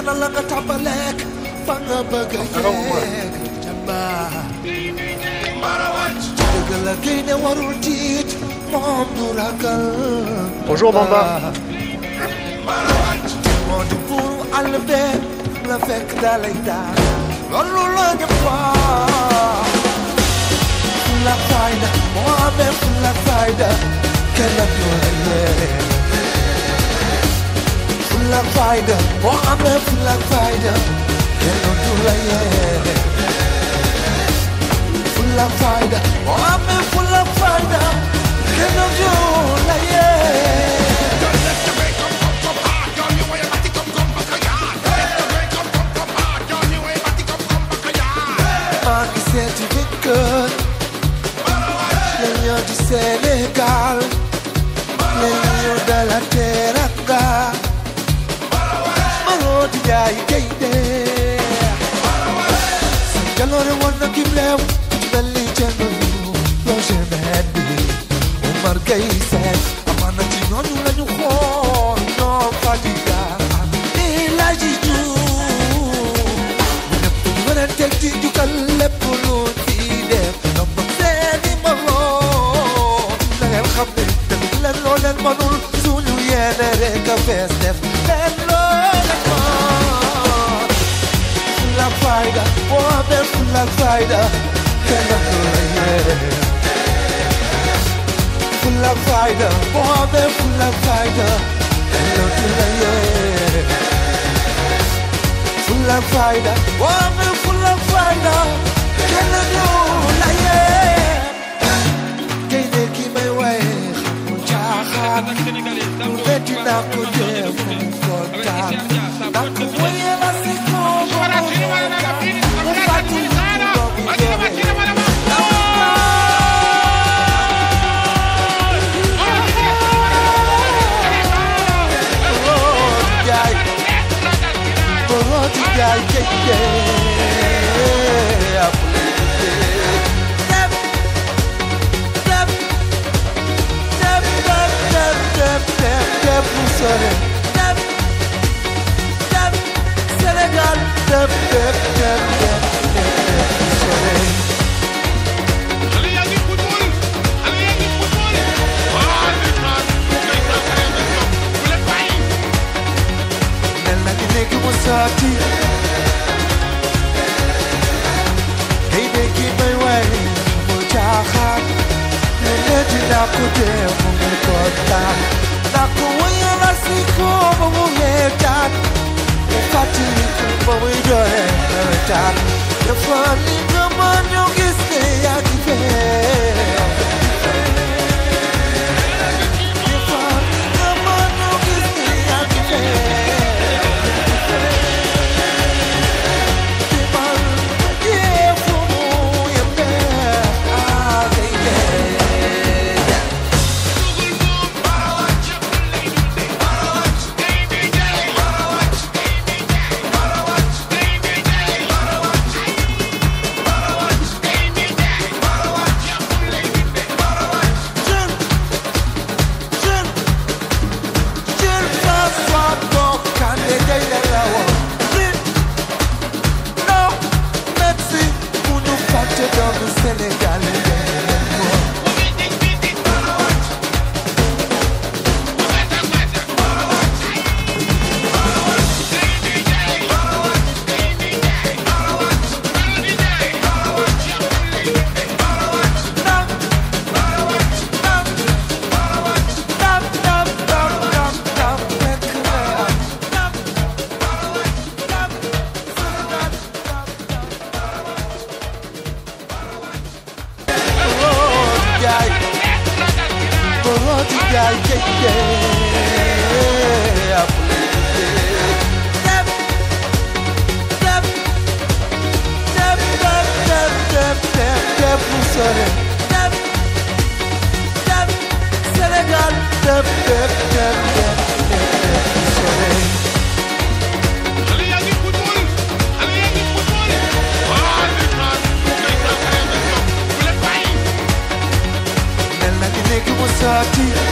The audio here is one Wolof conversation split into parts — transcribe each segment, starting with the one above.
yàlla la nga tàmbaleek fa nga bëgg a yegg jàmbaar dëgg la gaynde warul tiit moom du ragal bonjour Bamba moo di buuru àll bee la fekk dalay daal loolu la ñëpp la fayda moo amee la fayda kenn ak yow fulla fayda boo amee fulla fayda kenn du la yee fulla fayda boo amee fulla fayda kenn du la yee maa ngi seeti dëkk L'union du Sénégal, l'union de la teranga yaay gaynde jaloore war na kim leew ci belli cenoyu yoo jemet bi Omar Gueye Seck amaana ci ñooñu lañu xool ñoo fadiga am ni laji ju lépp lu war a teg ci jukkal lépp lu ci def ndombam seeni mawoo la ngeen xam ne tamit leen loo leen manul suñu yéene rek a fees def leen faida, oh Deus la faida, ela tu la faida, oh Deus la faida, ela tu la Full of faida, oh Deus full of faida, ela tu la Quem é que me vai? Mucha rana, tu vê que dá por Deus, não conta, dá por kuteo kumekota na kuwira sikubo mumetat ufatili kumbo wijoe meretat yefali yeah, yeah, yeah. Step, step, step, step, step, step, step, step, step, step, step, baby, what's up to you?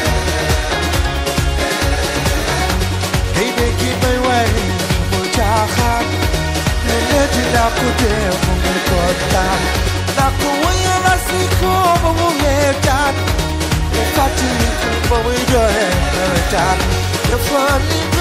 Hey baby, by way, moja hak. Nele jira kude mungu kota. Nakuwe rasiko mungu tan. Ufati kumbawe joe tan. Yafani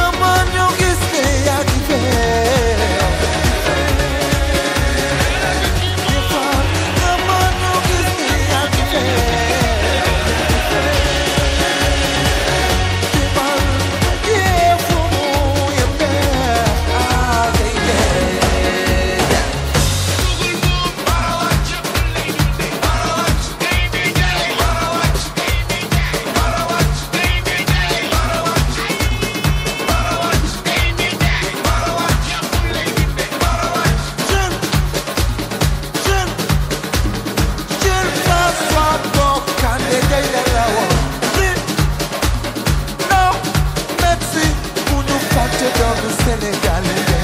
Sénégalais